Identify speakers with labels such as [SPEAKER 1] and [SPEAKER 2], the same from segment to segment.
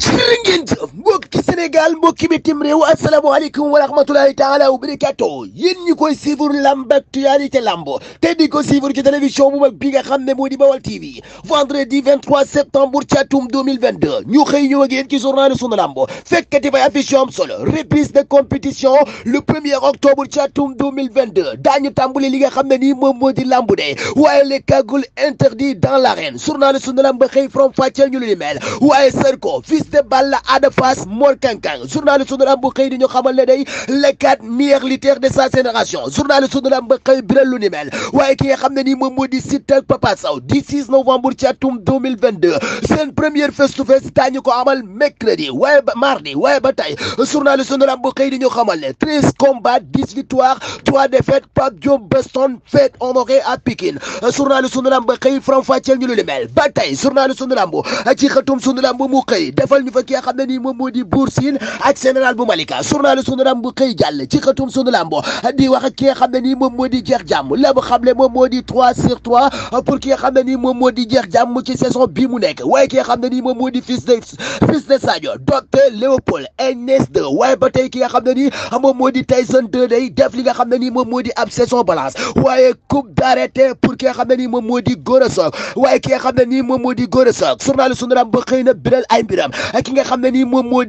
[SPEAKER 1] jërë ngeen jëf mbokk Sénégal mbokki bitim réew asalaamaaleykum wa rahmatulahi taala wa barakaatu yéen ñi koy suivre lamb actualité lamb te di ko suivre ci télévision bu mag bi xam ne moo di Bawal TV vendredi 23 ci atum ñu xëy ñëw ak yéen ci journal sunu lamb fekkati fay affiche solo reprise de compétition le premier octobre ci atum daañu tàmbali li xam ne nii moom moo de waaye les cagoules interdits dans l'arène journal sunu lamb xëy from fàcceel ñu lu mel Kankan journaliste sunu lamb bu xëy di ñu xamal ne day les quatre meilleurs lutteurs de sa génération journaliste sunu lamb ba xëy biral lu ni waaye ki nga xam ne nii moom moo di Siteu Papa Sow novembre ci atum 2022 seen première face to ko amal mercredi waaye mardi waaye ba tey journaliste bu xëy di ñu xamal ne 13 combats 10 victoires 3 défaites Pape Diop Beston fête honorée à Pikine journaliste sunu lamb xëy faram ci xëtum ñu fa ki nga xam ne nii Tine ak général bu Malika journalu sunu bu xëy jàll ci xëtum sunu lamb di wax ki nga xam ne nii moom moo di jeex jàmm la mu xamle moom moo di 3 sur 3 pour ki nga xam ne nii moom moo ci saison bi mu nekk waaye ki nga xam ne nii moom moo di fils de ba tey ki nga xam ne nii moo di Tyson day def li nga xam ne nii moom moo di ab saison balance waaye coupe d'arrêté pour ki nga xam ne nii moom moo di Gora Sock waaye ki nga xam ne nii moom moo di Gora Sock journalu sunu bu xëy na biral ay mbiram ki nga xam ne nii moom moo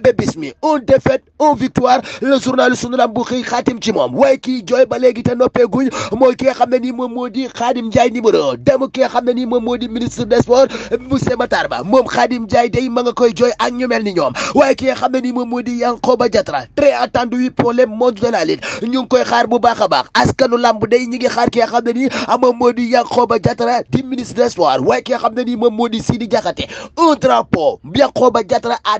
[SPEAKER 1] bébé bismi un défaite un victoire le journal sunu lamb bu xëy xaatim ci moom waaye kii jooy ba léegi te noppee guñ mooy ki nga xam ne nii moom moo di Khadim Ndiaye ministre des sports monsieur Ba moom Khadim Ndiaye day ma nga koy jooy ak ñu mel ni ñoom waaye ki xam ne nii moom moo di Yankhoba Diattara très attendu pour le monde de la lutte ñu ngi koy xaar bu baax a baax askanu lamb day ñi ngi xaar ki nga xam ne nii moom moo di Yankhoba Diattara di ministre des waaye ki moo di Sidi Diakhaté un drapeau Yankhoba Diattara à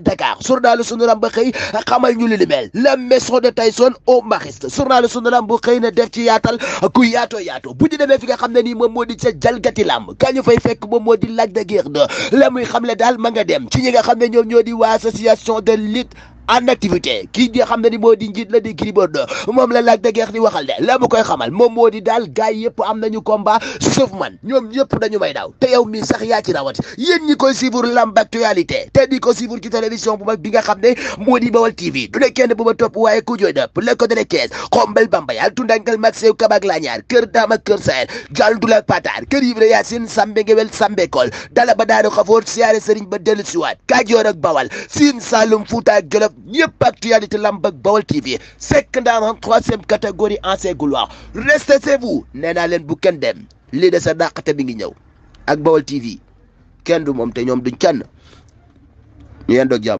[SPEAKER 1] sunu lam ba xëy xamal ñu li li mel la maison de Tyson au Mariste journal sunu lam bu xëy na def ci yaatal ku yaatoo yaatoo bu ñu demee fi nga xam ne nii moom moo di ca jalgati lam kaa ñu fay fekk moom moo di Lac de Guiers 2 la muy xamle daal ma nga dem ci ñi nga xam ne ñoom ñoo di waa association de lutte en activité kii di xam ne ni moo di njiit la di Gris Bordeaux moom la Lac de Guiers di waxal de la mu koy xamal moom moo di daal gars yi yëpp am nañu combat sauf man ñoom ñëpp dañu may daw te yow mi sax yaa ci rawat yéen ñi koy suivre lamb actualité te di ko suivre ci télévision bu mag bi nga xam ne moo di Baol TV du ne kenn bu ma topp waaye ku jooy dëpp le ko dale Thiès xombal bambayal tundankal mag sew kabak lañaar kër daam ak kër saer jàll dul ak patar kër Ibra Yaasin sambe ngewel sambe kol dala ba ba dellu siwaat Kajoor ak Bawal Siin Saalum Fuuta Jolof ñëpp actualité lamb ak Baol TV secondaire en troisième catégorie ancien gloire restez chez vous nee naa leen bu kenn dem lii de sa dàqate bi ngi ñëw ak Baol TV kenn du moom te ñoom duñ kenn ñu yendoog jàmm